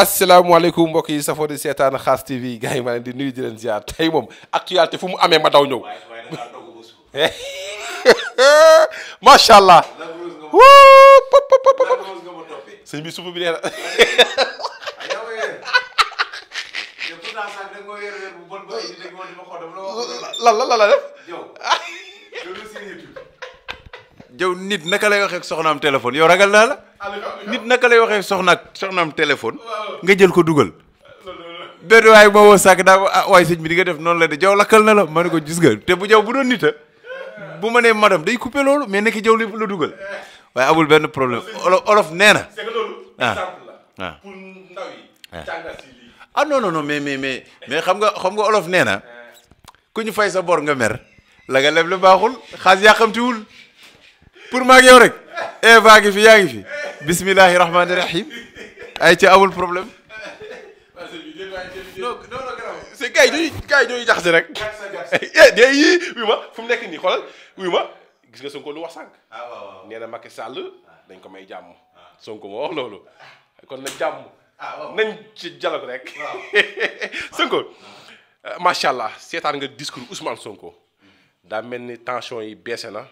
asalaamaaleykum mbokk yi safoo di seetaan xaas TV gars yi maa di nuyu di leen ziar tey moom actualité fu mu amee ma daw ñëw macha allah sëñ bi suuf bi nee yow nit naka lay waxee ak soxnaam téléphone yow ragal naa la nit naka lay waxee soxnaak soxnaam téléphone nga jël ko dugal benn waaye moo woo sàkk daa ah waaye sëñ mi di nga def noonu la de jaw lakkal na la ma ko gis nga te bu jaw bu doon nit a bu ma nee madame day coupé loolu mais nekk jaw la dugal waaye amul benn problème olof olof nee na ah. ah ah ah, ah mais mais xam nga xam nga olof nee na ah. ku ñu fay sa bor nga mer la nga baaxul xaas yaa xamtiwul pour maag yow rek Eva ngi fi yaa ngi fi bismillahi ay ci amul problème non non c'est gars jaxase rek eh, eh, day yii wuy ma fu mu nekk nii xoolal wuy ma gis nga Sonko lu wax sànq ah, nee na Macky Sall dañ ko may jàmm ah. Sonko moo wax loolu kon nag jàmm ah, nañ ci dialogue rek Sonko macha allah seetaan nga discours Ousmane Sonko daa mel ni tension yi baissé na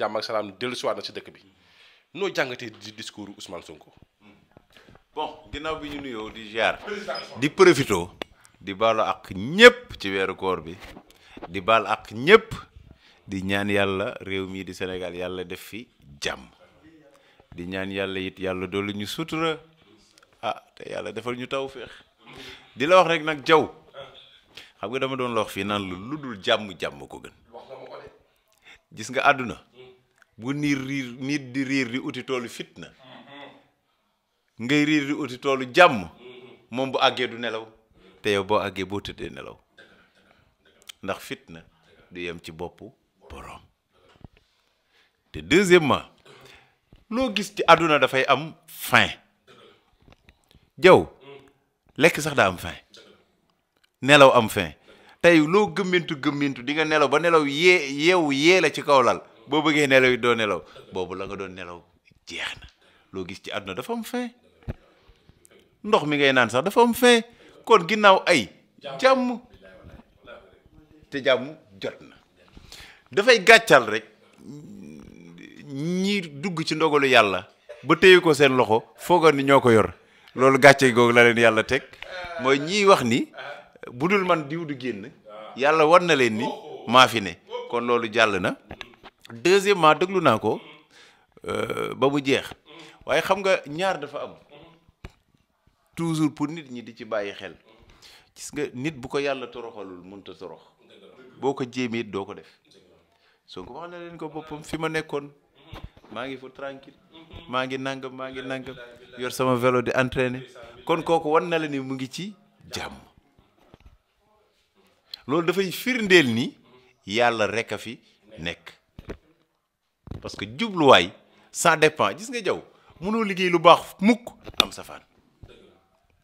jàmm ak salaam dellusiwaat na si dëkk bi noo jàngatee di discours Ousmane Sonko. bon ginnaaw bi ñu nuyoo di ziar. di profito. di baalu ak ñëpp ci weeru koor bi. di baal ak ñëpp. di ñaan yàlla réew mii di Sénégal yàlla def fi jàmm. di ñaan yàlla yit yàlla dolli ñu sutura. ah te yàlla defal ñu taw féex. di la wax rek nag jaw xam nga dama doon la wax fii naan lu dul jàmm jàmm ko gën. gis nga àdduna. bu niir riir nit di riir di uti toolu fitna ngay riir di uti toolu jàmm moom bu àggee du nelaw te yow boo àggee boo tëddee nelaw ndax fitna du yem ci boppu boroom te deuxièmement loo gis ci àdduna dafay am fin jaw lekk sax daa am fin nelaw am fin tey loo gëmmintu gëmmintu di nga nelaw ba nelaw yee yeewu yee la ci kaw lal boo bëggee nelaw it doo nelaw boobu la nga doon nelaw jeex na loo gis ci àdduna dafa am fin ndox mi ngay naan sax dafa am fin ginnaaw ay jàmm te jàmm dafay gàccal rek ñi dugg ci ndogalu yàlla ba téye ko seen loxo foogoon ni ñoo ko yor loolu gàcce googu la leen yàlla teg mooy ñiy wax ni bu dul man diw du génn yàlla war na leen ni maa fi ne kon loolu jàll na deuxièmement déglu naa ko euh, ba mu jeex waaye xam nga ñaar dafa am toujours pour nit ñi di ci bàyyi xel gis nga nit bu ko yàlla toroxalul mënut torox boo ko jéemee doo ko def soo ko wax na leen ko boppam fi ma nekkoon maa ngi fa tranquille maa ngi nangam maa ngi nangam yor sama velo de entraîner kon kooku wan na la ni mu ngi ci jàmm loolu dafay firndeel ni yàlla rekk a fi nekk parce que jubluwaay ça dépend gis nga jaw mënoo liggéey lu baax mukk am safaan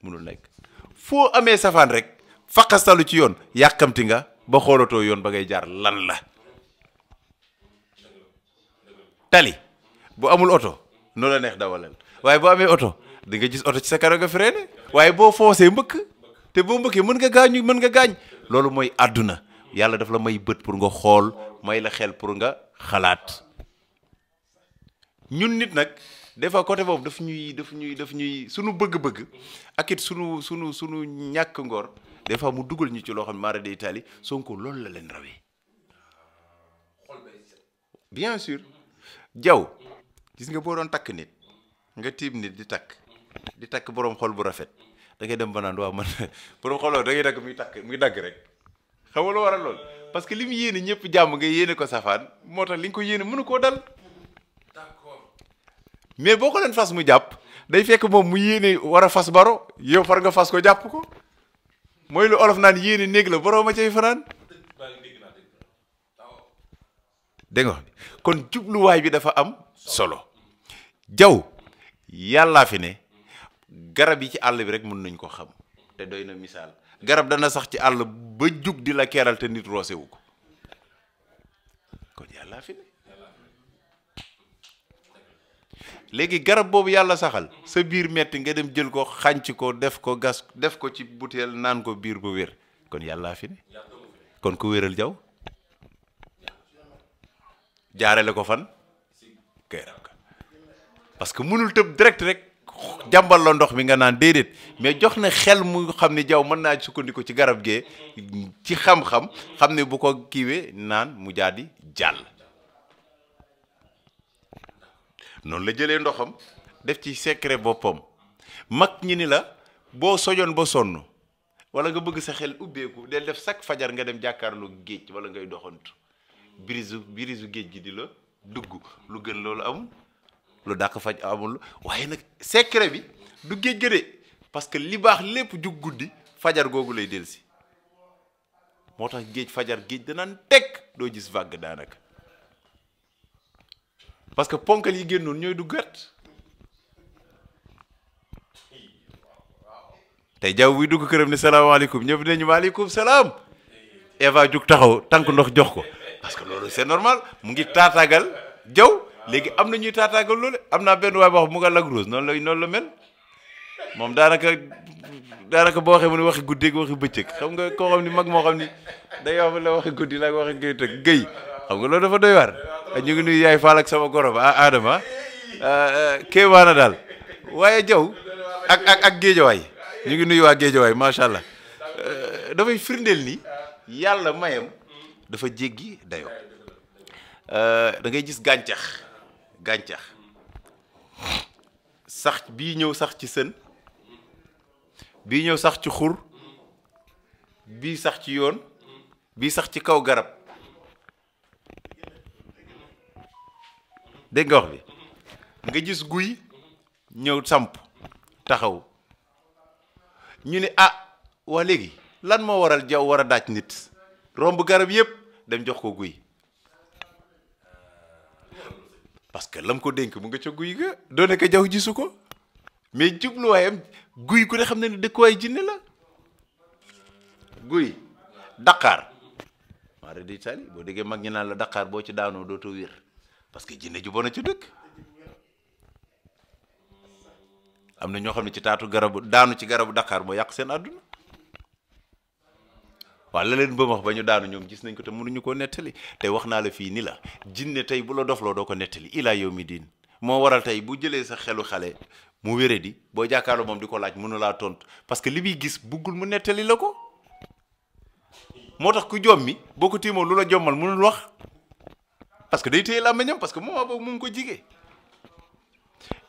mënul nekk foo amee safaan rek faqastalu ci yoon yàkkamti nga ba xoolatoo yoon ba ngay jaar lan la tali boo amul oto noo la neex dawalal waaye boo amee oto di nga gis oto ci sa kanam nga freiné waaye boo foosee mbëkk te boo mbëkkee mën nga gaañu mën nga gaañ loolu mooy àdduna yàlla daf la may bët pour nga xool may la xel pour nga xalaat ñun nit nag des fois côté boobu daf ñuy daf ñuy daf ñuy suñu bëgg-bëgg ak it sunu sunu suñu ñàkk ngoor des fois mu dugal ñu ci loo xam ne maara day taali Sonko loolu la leen rawee bien sûr jaw gis nga boo doon takk nit nga tiim nit di takk di takk boroom xol bu rafet da ngay dem ba naan waaw man boroom xoloo da ngay dagg muy takk muy dagg rek xam waral lool parce que li mu yéene ñëpp jàmm nga yéene ko safaan moo tax li nga ko yéene mënu koo dal mais boo ko leen fas mu jàpp day fekk moom mu yéene war a fas baro yow far nga fas ko jàpp ko mooy lu olof naan yéene néeg la boroo ma cay fanaan dégg nga kon jubluwaay bi dafa am solo jaw yàllaa fi ne garab yi ci àll bi rek mën nañ ko xam te doy na misaal garab dana sax ci àll ba jug di la keeral te nit roose wu ko kon yàllaa fi ne léegi garab boobu yàlla saxal sa biir metti nga dem jël ko xànc ko def ko gas def ko ci butéel naan ko biir bu wér kon yàlla fi ne kon ku wéral jaw jaarale ko fan garab que mënul tëb direct rek jàmbal la ndox mi nga naan déedéet mais jox na xel mu xam ne jaw mën naa sukkandiku ci garab gee ci xam-xam xam ne bu ko kiiwee naan mu jaadi jàll noonu la jëlee ndoxam def ci secret boppam mag ñi ni la boo sojoon ba sonn wala nga bëgg sa xel ubbeeku del def chaque fajar nga dem jàkkaarloo géej wala ngay doxant birisu birisu géej gi di la dugg lu gën loolu amul lu dàq faj amul waaye nag secret bi du géej ga de parce que li baax lépp jug guddi fajar googu lay delsi moo tax géej fajar géej danaan teg doo gis vague daanaka parce que ponkal yi génnoon ñooy duggaat tey jaw buy dugg këram ne salaamaaleykum ñëpp nañu waaleykum salaam Eva jug taxaw tànk ndox jox ko parce que loolu c'est normal mu ngi taataagal jaww léegi am na ñuy taataagal loolu am naa benn waay mu nga lagrose noonu la noonu la mel moom daanaka daanaka boo waxee mu ne waxi guddi ak waxi bëccëg xam nga koo xam ni mag moo xam ni day wax la waxi guddi la ak waxi géy tëg géy xam nga loolu dafa doy waar ñu ngi nuyu yaay faal ak sama goro ba Adama euh, kéemaana daal waaye jaw ak ak ak géejawaay ñu ngi nuyu waa géejawaay macha allah euh, dafay firndeel ni yàlla mayam dafa jéggi dayoo euh, da ngay gis gàncax gàncax sax bii ñëw sax ci sën bii ñëw sax ci xur bii sax ci yoon bii sax ci kaw garab dégg nga wax bi nga gis guy ñëw samp taxaw ñu ni ah waa léegi lan moo waral jaw war a daaj nit romb garab yëpp dem jox ko guy parce que lam ko dénk mu nga ca guy ga doone ko jaww gisu ko mais jubluwaayam guy ku ne xam ne ni dëkkuwaay jinne la guy daqaar maa di tali boo déggee mag ñi naan la daqaar boo ci daanoo dootoo wér parce que jinne ju bon ci dëkk am na ñoo xam ne ci taatu garabu daanu ci garabu Dakar moo yàq seen àdduna waaw la leen ba ñu daanu ñoom gis nañ ko te mënuñu koo nettali te wax naa la fii ni la jinne tey bu la dofloo doo ko nettali ilaa yow mi diin moo waral tey bu jëlee sa xelu xale mu wére di boo jàkkaarloo moom di ko laaj mënu laa tontu parce que li muy gis buggul mu nettali la ko moo tax ku jommi boo ko tiimoo lu la jommal mënul wax parce que day téye làmmiñam parce que moment boobu mu ngi ko jigee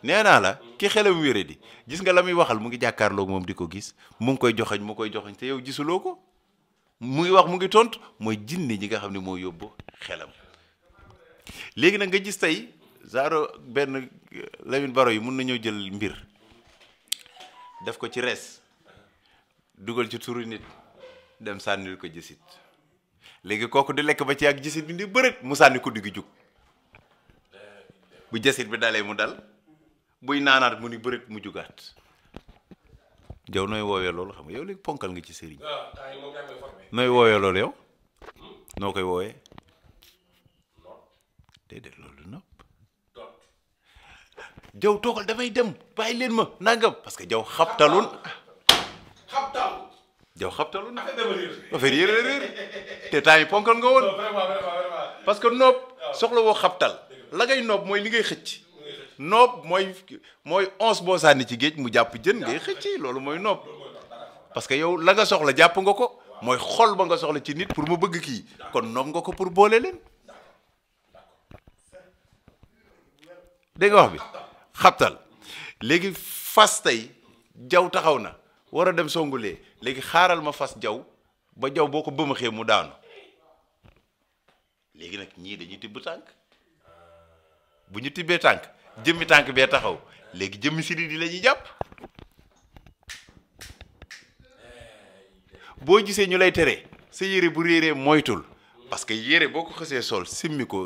nee naa la ki xelam wéré di gis nga la muy waxal mu ngi jàkkaarloo moom di ko gis mu ngi koy joxañ mu koy joxañ te yow gisuloo ko mu ngi wax mu ngi tontu mooy jinne ñi nga xam ne moo yóbbu xelam léegi nag nga gis tey zaaro benn Lamine Baro yi mun nañoo jël mbir def ko ci res dugal ci turu nit dem sànnil ko jësit léegi kooku di lekk ba ci ak jësit bi ni bërët mu sànni kudd gi jug bu jësit bi dalee mu dal buy naanaat mu ni bërët mu jugaat yow nooy woowee loolu xam nga yow léegi ponkal nga ci sëriñ ah, nooy woowee loolu yow noo koy woowee déedéet loolu nopp jaw toogal damay dem bàyyi leen ma nangam parce que jaw xabtalun xabtal jaw xabtalun affaire yére réer te temps yi ponkal nga woon. parce que noob ah. soxla woo xabtal la ngay noob mooy li ngay xëcc. noob mooy mooy onze boo sànni ci géej mu jàpp jën ah. ngay loolu mooy noob que yow la nga soxla jàpp nga ko mooy xol ba nga soxla ci nit pour mu bëgg kii kon noob nga ko pour boole leen. dégg wax bi xabtal léegi fas tey jaw taxaw na war a dem songulee léegi xaaral ma fas jaw ba jaw boo ko bëmaxee mu daanu. léegi nag ñii dañuy tibb tànk bu ñu tibbee tànk jëmmi tànk bee taxaw léegi jëmmi si yi la lañuy jàpp boo gisee ñu lay tere sa yére bu réeree moytul parce que yére boo ko xasee sol simmi ko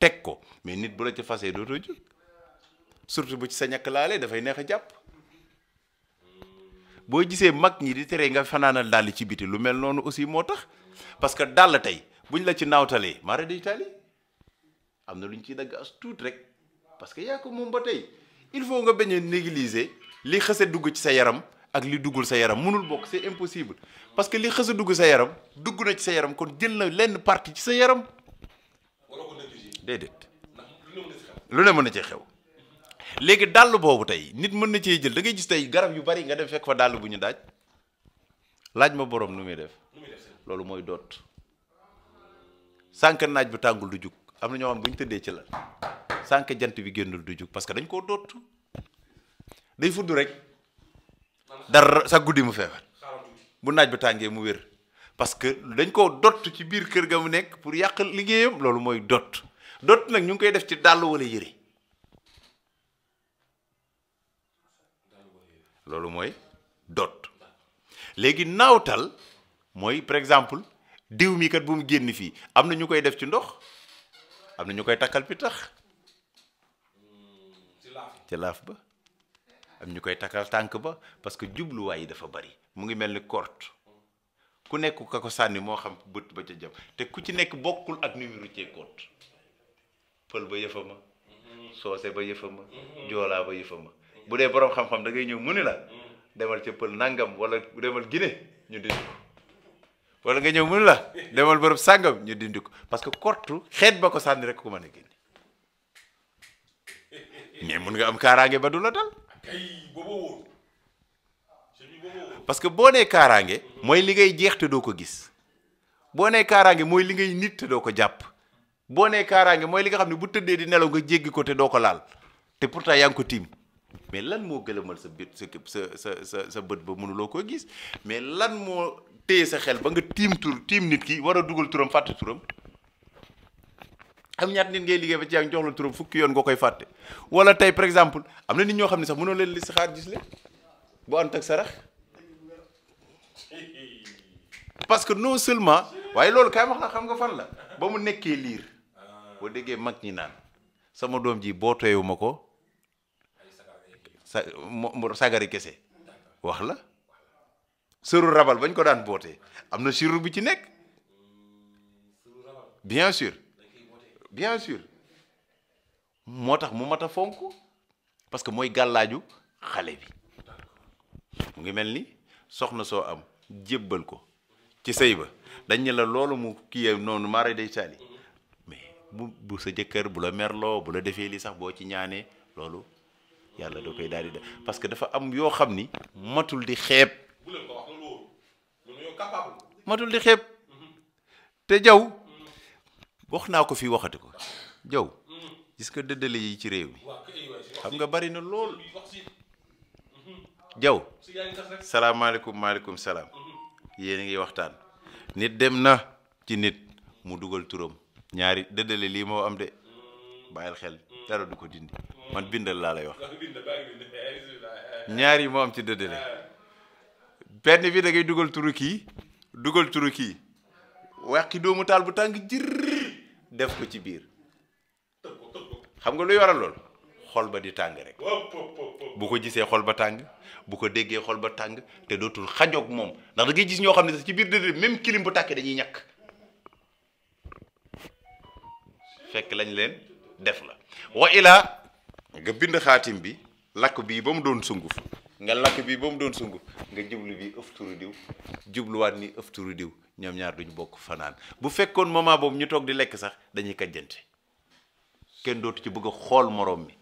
teg ko mais nit bu la ci fasee dootoo jóg surtout bu ci sa ñàkk laalee dafay neex a jàpp boo gisee mag ñi di tere nga fanaanal dàll ci biti lu mel noonu aussi moo tax parce que dàll tey buñ la ci nawtalee mara day taali am na lu ñu ciy dagg as tuut rek parce que yaa ko moom ba tey il faut nga bañ a li xëse dugg ci sa yaram ak li duggul sa yaram mënul bokk c'est impossible parce que li xëse dugg sa yaram dugg na ci sa yaram kon jël na lenn partie ci sa yaram déedéet lu ne mën na ci xew léegi dàll boobu tey nit mën na cee jël da ngay gis tey garab yu bari nga dem fekk fa dàll bu ñu daaj laaj ma borom nu muy def loolu mooy doot sànq naaj bu tàngul du jug am na ñoo xam bu ñu tëddee ci la sànq jant bi génnul du jug parce que dañ koo dootu day fudd rek dar sa guddi mu feebar bu naaj bi tàngee mu wér parce que dañ koo dott ci biir kër ga mu nekk pour yàq liggéeyam loolu mooy dott dott nag ñu ngi koy def ci dàll wala yëre loolu mooy dott léegi naawtal mooy par exemple diw mi kat bu mu génn fii am na ñu koy def ci ndox am na ñu koy takkal bi tax ci laaf ba am ñu koy takkal tànk ba parce que jubluwaay yi dafa bari mu ngi mel ni korte ku nekk ka ko sànni moo xam bët ba ca jëm te ku ci nekk bokkul ak numéro cee koot pël ba yëfa soose ba yëfa ma joolaa ba yëfa ma bu dee borom xam-xam da ñëw mu ni la mm-hmm. demal ca pël nangam wala demal Guinée ñu dindi wala nga ñëw mun la demal bërëb sàngam ñu dindi ko parce que kort xeet ba ko sànni rek ko mën a génne mais mun nga am kaaraange ba du la dal parce que boo nee kaaraange mooy li ngay jeex doo ko gis boo nee kaaraange mooy li ngay nit te doo ko jàpp boo nee kaaraange mooy li nga xam ne bu tëddee di nelaw nga jéggi ko te doo ko laal te pourtant yaa ko tiim mais lan moo gëlëmal sa bët sa sa sa sa bët ba mënuloo koo gis mais lan moo téye sa xel ba nga tiim tur tiim nit ki war a dugal turam fàtte turam am ñaat nit ngay liggéey ba ci ak jox turam fukki yoon nga koy fàtte wala tey par exemple am na nit ñoo xam ne sax mënoo leen listixaar gis leen bu ànd ak sarax parce que non seulement waaye loolu kaay wax la xam nga fan la ba mu nekkee liir boo déggee mag ñi naan sama doom ji boo tooyuma ko sa sagari kese wax la sëru rabal bañ ko daan bootee am na sirru bu ci nekk bien sûr bien sûr moo tax mu mat a fonk parce que mooy gàllaaju xale bi mu ngi mel ni soxna soo am jébbal ko ci say ba dañ ne la loolu mu kii noonu maara day saali mais bu bu sa jëkkër bu la merloo bu la defee li sax boo ci ñaanee loolu yàlla da koy daal di def parce que dafa am yoo xam ni matul di xeeb matul di xeeb te jaw wax naa ko fi waxati ko jaw gis nga dëddale yi ci réew mi xam nga bari na lool jaw salaamaaleykum maaleykum salaam yéen a ngi waxtaan nit dem na ci nit mu dugal turam ñaari dëddale lii moo am de bàyyil xel dara du ko dindi man bindal laa lay wax ñaar moo am ci dëddale ah. benn bi da ngay dugal turu kii dugal turu kii wàqi doomu taal bu tàng jër def ko ci biir xam nga luy waral lool xol ba di tàng rek bu ko gisee xol ba tàng bu ko déggee xol ba tàng te dootul xajoog moom ndax da gis ñoo xam ne sax ci biir déedéet même kilim bu tàkkee dañuy ñàkk fekk lañ leen def la wa ilaa nga bind xaatim bi lakk bii ba mu doon sunguf nga lakk bii ba mu doon sungu nga jublu bi ëf diw jubluwaat ni ëf turu diw ñoom ñaar duñu bokk fanaan bu fekkoon moment boobu ñu toog di lekk sax dañuy kajjante kenn dootu ci bëgg a xool moroom mi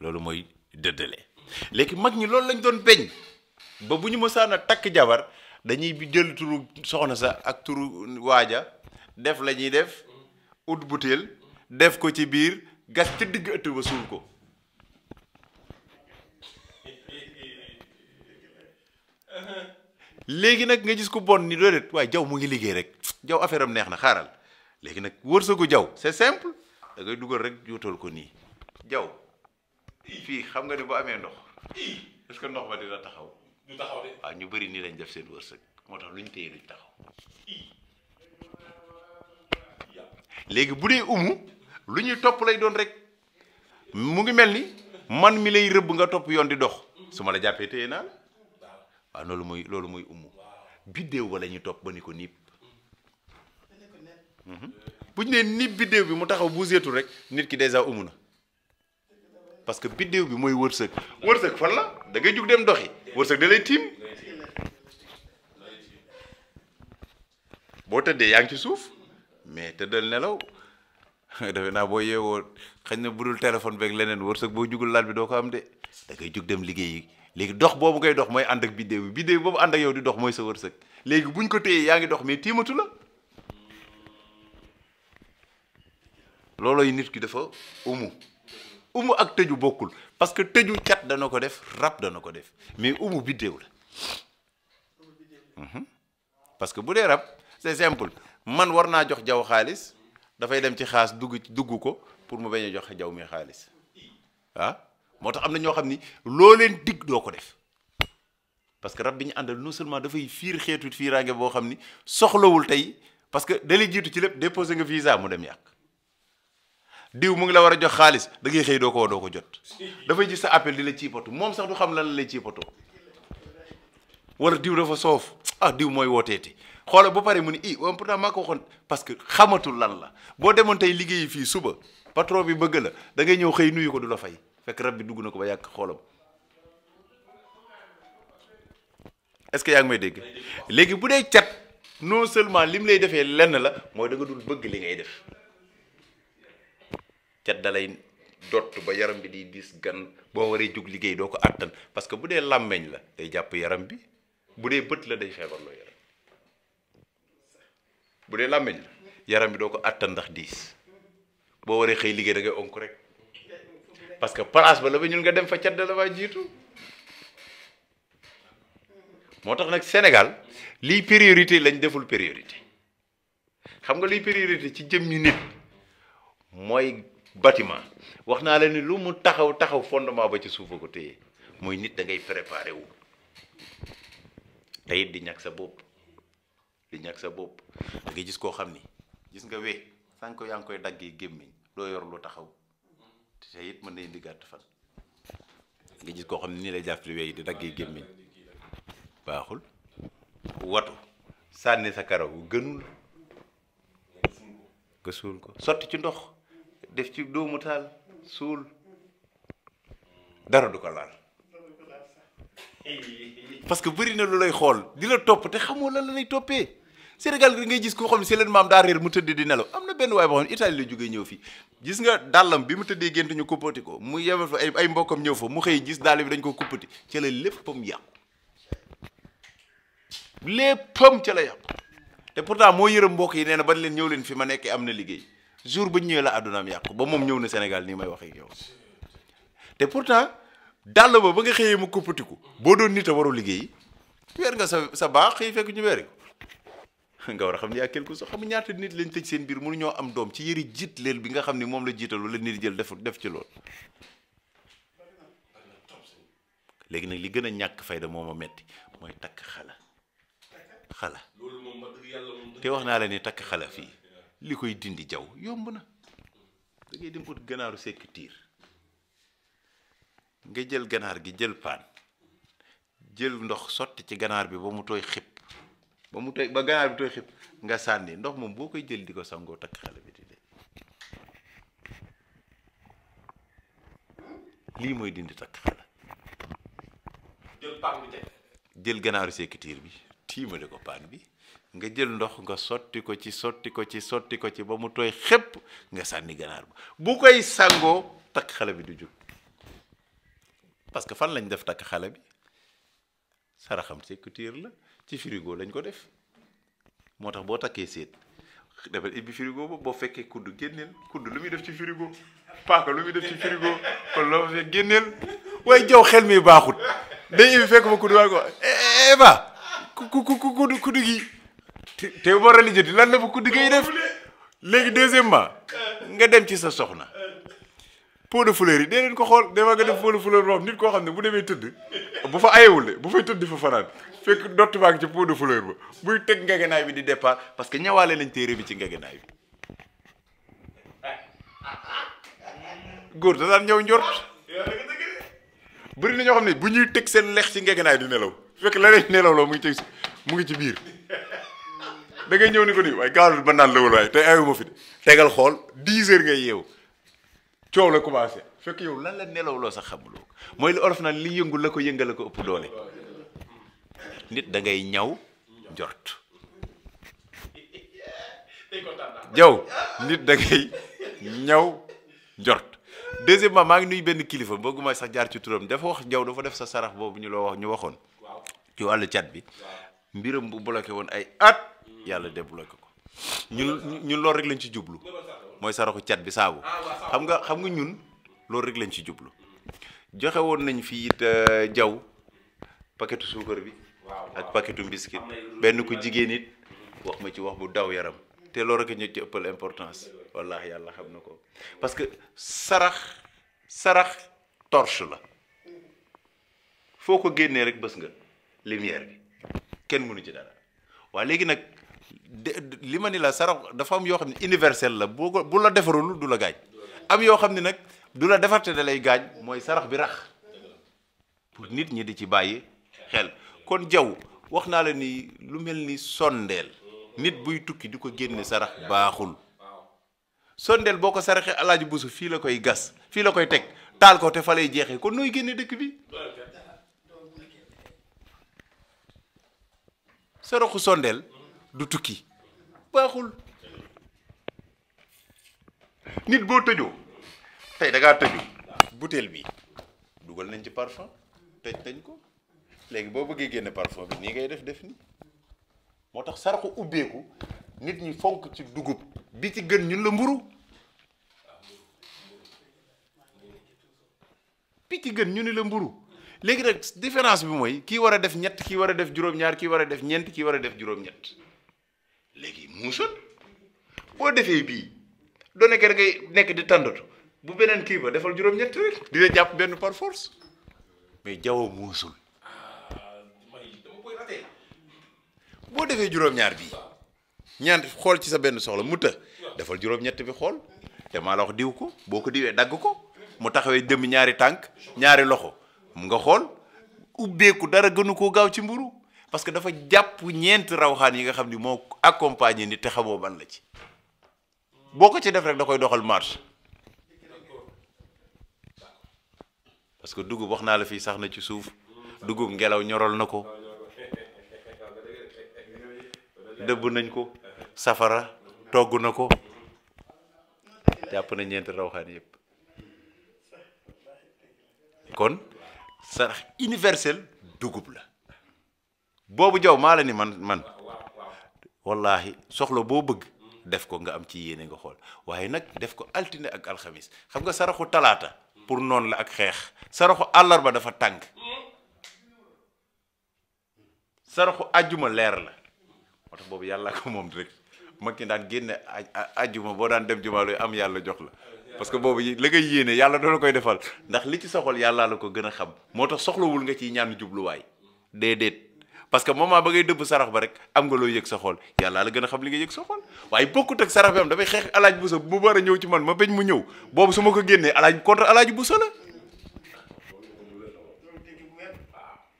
loolu mooy dëddale léegi mag ñi loolu lañ doon beñ ba bu ñu mësaan takk jabar dañuy bi jël turu soxna sa ak turu waaja def lañuy def ut butéel def ko ci biir gas ca digg ëtt ba suul ko léegi nag nga gis ko bon ni dooleet waaye jaw mu ngi liggéey rek jaw affaire am neex na xaaral léegi nag wërsëgu jaw c'est simple dangay dugal rek juutal ko nii jaw fii xam nga ne bu amee ndox est que ndox ba dina taxaw du ñu bari nii lañ def seen wërsëg moo tax luñ téye duñ taxaw léegi bu dee umu lu ñuy topp lay doon rek mu ngi mel ni man mi lay rëbb nga topp yoon di dox su ma la jàppee téye naa la waaw loolu mooy loolu mooy umu biddéew ba la ñuy topp ba ni ko niib mhm. bu ñu nee niib bi mu taxaw bu seetul rek nit ki dèjà umu na parce que biddéew bi mooy wërsëg wërsëg fan la da ngay jug dem doxi wërsëg da lay tiim boo tëddee yaa ngi ci suuf mais tëddal nelaw defe naa boo yeewoo xañ na budul téléphone beeg leneen wërsëg boo jugul laal bi doo ko am de da ngay jug dem liggéeyi léegi dox boobu ngay dox mooy ànd ak biddéew bi biddéew boobu ànd ak yow di dox mooy sa wërsëg léegi buñ ko téyee yaa ngi dox mais tiimatu la loolooy nit ki dafa umu umu ak tëju bokkul parce que tëju cat dana ko def rab dana ko def mais umu biddéew la mhm. parce que bu dee rab c'est simple man war naa jox jaw xaalis dafay dem ci xaas dugg ci dugg ko pour mu bañ a joxe jaw mi xaalis ah moo tax am na ñoo xam ni loo leen dig doo ko def parce que rab bi ñu àndal non seulement dafay fiir xeetu fiiraange boo xam ni soxlawul tey parce que da jiitu ci lépp déposé nga visa mu dem yàq diw mu ngi la war a jox xaalis da ngay xëy doo ko woo doo ko jot dafay gis sa appel di la ciy poto moom sax du xam la la lay ci poto wala diw dafa soof ah diw mooy wooteeti xoolal ba pare mu ni i waaw pourtant maa ko waxoon parce que xamatul lan la boo demoon tey liggéeyi fii suba patron bi bëgg la dangay ñëw xëy nuyu ko du la fay fekk rab bi dugg na ko ba yàgg xoolam est-ce que yaa ngi may dégg léegi bu dee cat non seulement lim lay defee lenn la mooy da dul bëgg li ngay def cat da dot ba yaram bi di diis gan boo waree jug liggéey doo ko àttan parce que bu dee làmmeñ la day jàpp yaram bi bu dee bët la day feebarloo bu dee làmmiñ la yaram bi doo ko àttan ndax diis boo waree xëy liggéey da ngay onk rek parce que place ba la ba ñun nga dem fa cadde la waa jiitu moo tax nag Sénégal lii priorité lañ deful périorité xam nga liy priorité ci jëm ñu nit mooy bâtiment wax naa la ni lu mu taxaw taxaw fondement ba ci suufa ko téye mooy nit da ngay préparé wu teyit di ñàkk sa bopp di ñàkk sa bopp da ngay gis koo xam ni gis nga we sànq yaa ngi koy daggee gémmiñ doo yor lu taxaw te it mën na indi gàtt fan nga gis koo xam ne nii lay jàpp wee yi di daggee gémmiñ baaxul watu sànni sa karaw gënul nga suul ko sotti ci ndox def ci doomu taal suul dara du ko laal parce bëri na lu lay xool di la topp te xamoo lan la lay toppee Sénégal gi ngay gis koo xam ne seen maam daa réer mu tëdd di nelaw am na benn waay boo xam ne Italie la jógee ñëw fii gis nga dàllam bi mu tëddee gént ñu kuppati ko mu yemal fa ay ay am ñëw fa mu xëy gis dàll bi dañ ko kuppati ca la léppam yàqu léppam ca la yàqu te pourtant moo yërëm mbokk yi nee na ban leen ñëw leen fi ma nekkee am na liggéey jour ba ñëwee la àddunaam yàqu ba moom ñëw na Sénégal nii may waxee ak yow te pourtant dàll ba ba nga xëyee mu kuppatiku boo doon nit a liggéey weer nga sa sa baax xëy fekk ñu weer nga war a xam ne yaa quelque chose xam ñaata nit lañ tëj seen biir mënu ñoo am doom ci yëri jiit leel bi nga xam ne moom la jiital wala nit jël def def ci loolu léegi nag li gën a ñàkk fayda moom ma metti mooy takk xala xala te wax naa la ni takk xala fii li koy dindi jaw yomb na da dem ut ganaaru sekk tiir nga jël ganaar gi jël paan jël ndox sotti ci ganaar bi ba mu tooy xib ba mu tooy ba ganaar bi tooy xib nga sànni ndox moom boo koy jël di ko sangoo takk xale bi di dee lii mooy dindi takk xale jël ganaaru sékitiir bi tiimale ko paan bi nga jël ndox nga sotti ko ci sotti ko ci sotti ko ci ba mu tooy xëpp nga sànni ganaar ba bu koy sangoo takk xale bi du jóg parce que fan lañ def takk xale bi saraxam sékitiir la ci frigo lañ ko def moo tax boo takkee séet defal ibbi frigo ba boo fekkee kudd génneel kudd lu muy def ci frigo paaka lu muy def ci frigo kon loo fa fekk génneel waaye jaw xel mi baaxut day ibbi fekk fa kudd waaye ko eh, ku ku ku kudd kudd gi te war boo religieux lan la fa kudd ngay def léegi deuxièmement nga dem ci sa soxna pot de fleur yi dee leen ko xool dama nga def pot de fleur boo xam nit koo xam ne bu demee tëdd bu fa ayewul de bu fay tëdd fa fanaan fekk dott baa ngi ci pot de fleur ba buy teg ngegenaay bi di départ parce que ñawaale lañ téere bi ci ngegenaay bi góor da daan ñëw njort bëri na ñoo xam ne bu ñuy teg seen lex ci ngegenaay di nelaw fekk la leen nelaw la mu ngi teg mu ngi ci biir da ñëw ni ko nii waaye gaawalul ba naan la waaye tey ayuma fi xool 10 heures ngay yeewu coow la commencé fekk yow lan la nelawloo sax xamuloo mooy li olof naan li yëngu la ko yëngal la ko ëpp doole nit da ñaw njort jaw nit da ngay ñaw njort deuxièmement maa ngi nuy benn kilifa bëgguma sax jaar ci turam dafa wax jaw dafa def sa sarax boobu ñu loo wax ñu waxoon ci wàllu cat bi mbiram bu bloqué woon ay at yàlla débloqué ko ñun ñun loolu rek lañ ci jublu mooy saraxu cat bi ah, saabu xam nga xam nga ñun loolu rek lañ ci jublu joxe woon nañ fii it euh, jaww paquetu suukar bi ak paquetu biscuit benn ko jigéen it wax ma ci wax bu daw yaram te loolu rek ñu ci ëppal importance wallahi yàlla xam na ko parce que sarax sarax torche la foo ko génnee rek bës nga lumière bi kenn mënu ci dara waaye léegi nag li ma ni la sarax dafa am yoo xam ne universel la boo ko bu la defarul du la gaañ am yoo xam ne nag du la defarte da lay gaañ mooy sarax bi rax pour nit ñi di ci bàyyi xel kon jaw wax naa la ni lu mel ni sondeel nit buy tukki di ko génne sarax baaxul sondeel boo ko saraxee alaaji busu fii la koy gas fii la koy teg taal ko te fa lay jeexee kon nooy génne dëkk bi saraxu sondeel du tukki baaxul nit boo tëjoo tey da tëju butéel bi dugal nañ ci parfum tëj nañ ko léegi boo bëggee génne parfum bi nii ngay def def ni moo tax saraxu ubbeeku nit ñi fonk ci dugub bi ci gën ñun la mburu bi ci gën ñu ni la mburu léegi nag différence bi mooy kii war a def ñett kii war a def juróom-ñaar kii war a def ñeent kii war a def juróom-ñett léegi muusal boo defee bii doo nekkee da ngay nekk di tàndatu bu beneen kii ba defal juróom-ñett rek dina jàpp benn par force mais jaww muusul boo defee juróom-ñaar bii ñaan xool ci sa benn soxla mu të defal juróom-ñett bi xool te maa la wax diw ko boo ko diwee dagg ko mu taxawee jëm ñaari tànk ñaari loxo mu nga xool ubbeeku dara gënu ko gaaw ci mburu parce que dafa jàpp ñeenti rawxaan yi nga xam ni moo accompagner ni te xamoo ban la ci boo ko ci def rek da koy doxal marche parce que dugub wax naa la fii sax na ci suuf dugub ngelaw ñorool na ko dëbb nañ ko safara togg na ko jàpp na ñeenti rawxaan yëpp kon sarax universel dugub la boobu jaw maa la ni man man wallahi soxla boo bëgg def ko nga am ci yéene nga xool waaye nag def ko altine ak alxamis xam nga saraxu talaata pour noonu la ak xeex saraxu àllarba dafa tàng saraxu ajjuma leer la moo tax boobu yàlla ko moom rek mag ñi daan génne ajjuma boo daan dem jumaa luy am yàlla jox la parce que boobu la ngay yéene yàlla doo koy defal ndax li ci soxal yàlla la ko gën a xam moo tax soxlawul nga ciy ñaan jubluwaay déedéet parce que moment ba ngay dëbb sarax ba rek am nga loo yëg sa xool yàlla la gën a xam li nga yëg sa xool waaye bokkut ak sarax bi am dafay xeex alaaj busa bu war ñëw ci man ma bañ mu ñëw boobu su ma ko génnee alaaj contre alaaj busa la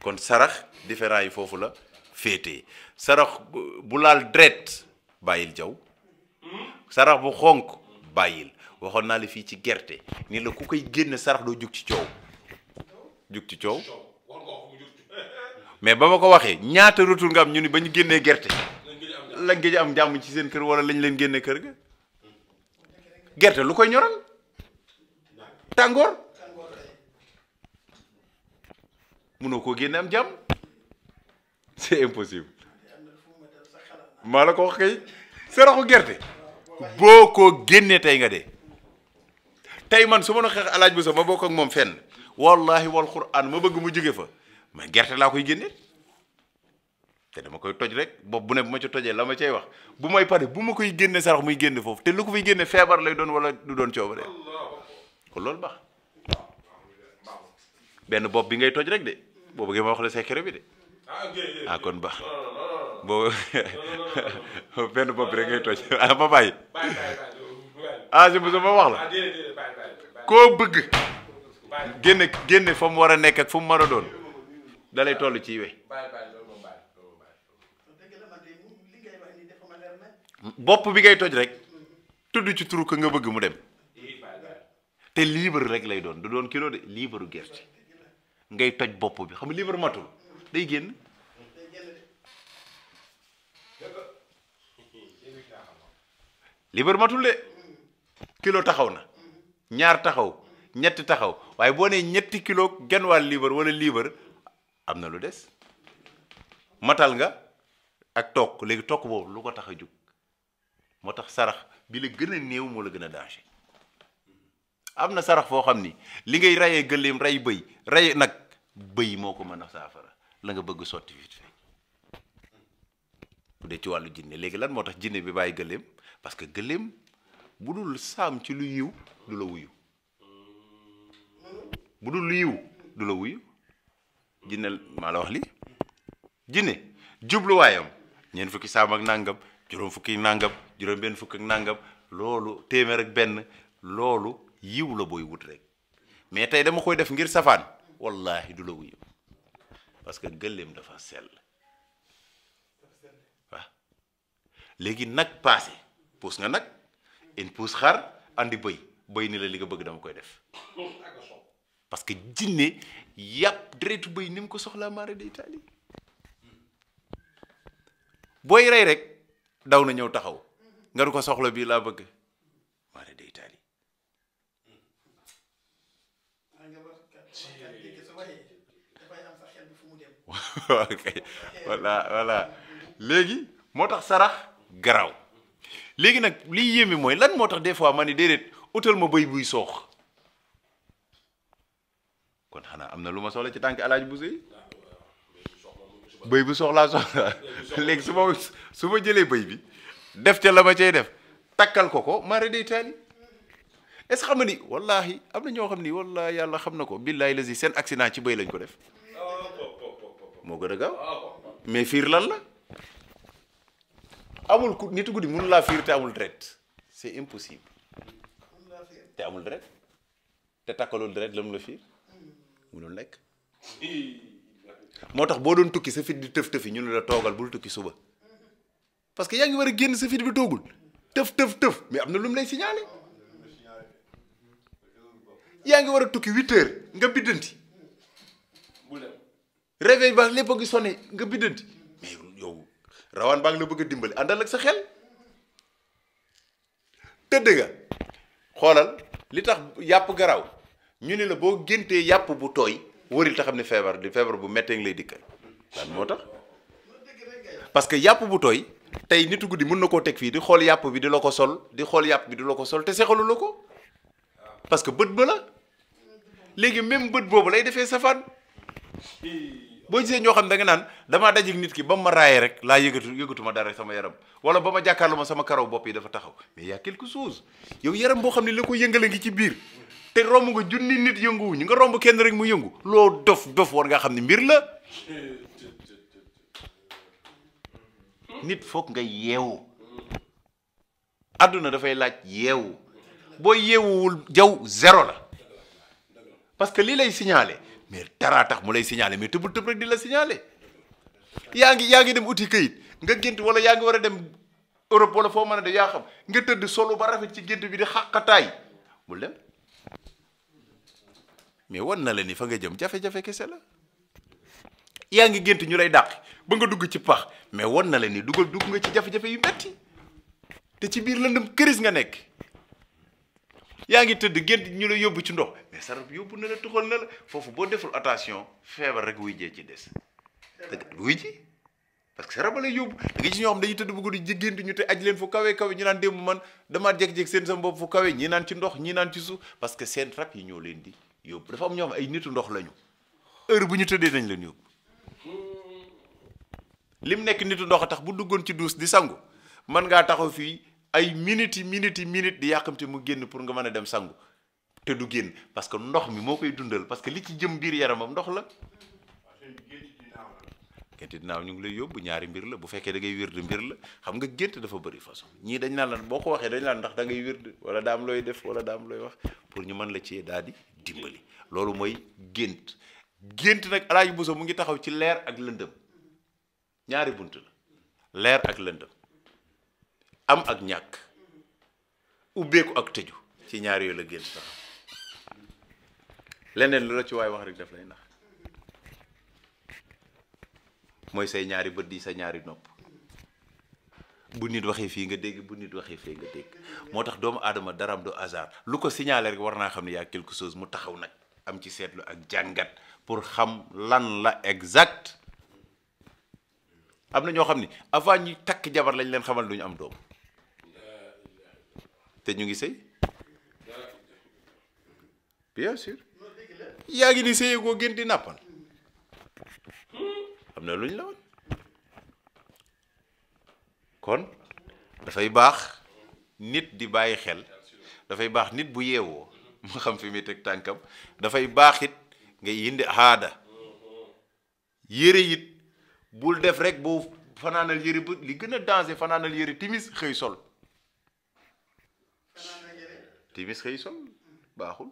kon sarax différent yi foofu la féete sarax bu laal dret bàyyil jaw sarax bu xonk bàyyil waxoon naa la fii ci gerte ni la ku koy génne sarax doo jug ci coow jug ci coow mais ba ma ko waxee ñaata retour nga am ñu ni ba ñu génnee gerte la géej am jàmm ci seen kër wala lañ leen génne kër ga gerte lu koy ñoral tàngoor munoo koo génne am jàmm c'est impossible maa la ko wax kay saraxu gerte boo koo génnee tey nga dee tey man su ma na xeex laaj bu sa ba bokk ak moom fenn wallahi wal quran ma bëgg mu jóge fa mais gerte laa koy génne te dama koy toj rek bopp bu ne bu ma ci tojee la ma cay wax bu may pare bu ma koy génne sarax muy génne foofu te lu ko fiy génne feebar doon wala du doon cooba de benn bopp bi ngay toj rek de boo bëggee wax la secret bi ah, benn bopp rek ngay toj ah ma bàyyi ah si ma wax la koo bëgg génne génne fa mu war a nekk ak fu mu war a doon dalay lay toll ci we bopp bi ngay toj rek tudd ci turu nga bëgg mu dem te livre rek lay doon du doon kilo de livre gerte ngay toj bopp bi xam nga livre matul day génn livre matul de kilo taxaw na ñaar taxaw ñetti taxaw waaye boo ne ñetti kilo genn wàll livre wala livre am na lu des matal nga ak toog léegi toog boobu lu ko tax a jóg moo tax sarax bi la gën a néew moo la gën a danger am na sarax foo xam ni li ngay rayee gëléem rey bëy rey nag bëy moo ko mën a saafara la nga bëgg sotti vite fait bu dee ci wàllu jinne léegi lan moo tax jinne bi bàyyi gëléem parce que gëléem bu dul saam ci lu yiw du la wuyu bu dul lu yiw du la wuyu jinne maa la wax li jinne jubluwaayam ñeent fukki saam ak nangam juróom fukki nangam juróom fukk ak nangam loolu téeméer ak benn loolu yiw la booy wut rek mais tey dama koy def ngir safaan wallahi du la wuyu parce que gëléem dafa sell waaw léegi nag passé puus nga nag in puus xar andi bëy bëy ni la li bëgg dama koy def parce que jinne yàpp deretu bëy ni mu ko soxlaa maara day taali booy rey rek daw na ñëw taxaw nga du ko soxla bii laa bëgg maara day taali voilà voilà léegi moo tax sarax garaaw léegi nag liy yéeme mooy lan moo tax des fois ma ne déedéet utal ma bëy buy soox kon xanaa am na lu ma soxla ci tànk alaaj bu sëy bëy bu soxlaa soxla léegi su ma su ma jëlee bëy bi def ca la ma cee def takkal ko ko mara day taali est xam nga ni wallaahi am na ñoo xam ni wallaahi yàlla xam na ko billaahi lazi seen accident ci bëy lañ ko def moo gën a gaaw mais fiir lan la amul ku nit guddi mënu laa fiir te amul deret c'est impossible te amul deret te takkalul deret la mu la fiir mënul nekk moo tax boo doon tukki sa fit di tëf tëfi ñu ne la toogal bul tukki suba parce que yaa ngi war a génn sa fit bi toogul tëf tëf mais am na lu mu lay signalé yaa ngi war a tukki huit heures nga biddanti réveil ba lépp a ngi sonné nga biddanti mais yow rawaan baa ngi la bëgg a dimbali àndal ak sa xel tëdd nga xoolal li tax yàpp garaw ñu ne la boo géntee yàpp bu tooy wëril xam ne feebar di feebar bu mettee ngi lay dikka lan moo tax parce que yàpp bu tooy tey nitu guddi mën na koo teg fii di xool yàpp bi di la ko sol di xool yàpp bi di la ko sol te sexalu la ko parce que bët ba la léegi même bët boobu lay defee safaan boo gisee ñoo xam da nga naan damaa dajik nit ki ba ma raayee rek laa yëgatu yëgatuma dara sama yaram wala ba ma jàkkaarlu ma sama karaw bopp yi dafa taxaw mais y a quelque boo xam ne la ko yëngale ngi ci biir te romb nga junni nit yënguwuñu nga romb kenn rek mu yëngu loo dof dof war nga xam ne mbir la nit foog nga yeewu àdduna dafay laaj yeewu boo yeewuwul jaw zéro la parce que lii lay signalé mais dara tax mu lay signalé mais tëbul tëb rek di la signalé yaa ngi yaa ngi dem uti këyit nga gént wala yaa ngi war a dem Europe wala foo mën a de yaa xam nga tëdd solu ba rafet ci gént bi di xàqataay dem mais wan na leen ni fa nga jëm jafe-jafe kese la yaa ngi gént ñu lay dàq ba nga dugg ci pax mais wan na leen ni dugal dugg nga ci jafe-jafe yu metti te ci biir lëndëm këris nga nekk yaa ngi tëdd gént ñu la yóbbu ci ndox mais sarab yóbbu na la tuxal na foofu boo deful attention feebar rek wuy jee ci des wuy ji parce que sarab la yóbbu da nga ci ñoo xam dañuy tëdd bëgg di gént ñu te aj leen fu kawe kawe ñu naan démb man damaa jeg-jeg seen sama bopp fu kawe ñi naan ci ndox ñi naan ci suuf parce que seen rab yi ñoo leen di yóbbu dafa am ñoom ay nitu ndox lañu heure bu ñu tëddee nañ leen yóbbu lim nekk nitu ndox tax bu duggoon ci duus di sangu mën ngaa taxaw fii ay minutes yi minutes yi minutes di yàqamte mu génn pour nga mën a dem sangu te du génn parce que ndox mi moo koy dundal parce que li ci jëm biir yaramam ndox la. gént dinaaw ñu ngi lay yóbbu ñaari mbir la bu fekkee da ngay wérd mbir la xam nga gént dafa bari façon ñii dañ naan la boo ko waxee dañ naan ndax da ngay wérd wala daam looy def wala daam looy wax pour ñu mën la ci daal dimbali loolu mooy gént gént nag alaaji Bousso mu ngi taxaw ci leer ak lëndëm ñaari bunt la leer ak lëndëm am ak ñàkk ubbeeku ak tëju ci ñaar yooyu la gént taxaw leneen lu la ci waay wax rek def lay nax mooy say ñaari bët di sa ñaari nopp bu nit waxee fii nga dégg bu nit waxee fii nga dégg moo tax doomu aadama daraam du hasard lu ko signalé rek war naa xam ne yaa quelque chose mu taxaw nag am ci seetlu ak jàngat pour xam lan la exact am na ñoo xam ne avant ñu takk jabar lañ leen xamal duñu am doom te ñu ngi sëy yaa ngi ni sëyee koo gën di nàppal am na luñ la woon kon dafay baax nit di bàyyi xel dafay baax nit bu yeewoo mu xam fi muy teg tànkam dafay baaxit it nga yindi aada yére it bul def rek boo fanaanal yére bu li gën a danger fanaanal yére timis xëy sol timis xëy sol baaxul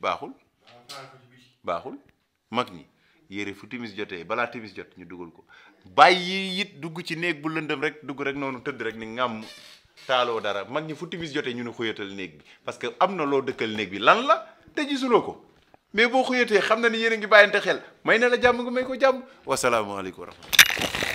baaxul baaxul mag ñi yére fu timis jotee balaa timis jot ñu dugal ko bàyyi it dugg ci néeg bu lëndëm rek dugg rek noonu tëdd rek ni ngam taaloo dara mag ñi fu timis jotee ñu ne xuyatal néeg bi parce que am na loo dëkkal néeg bi lan la te gisuloo ko mais boo xuyatee xam na ni yéen a ngi bàyyante xel may na la jàmm nga may ko jàmm wasalaamaaleykum wa rahmatulah